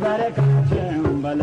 Vale, vale, vale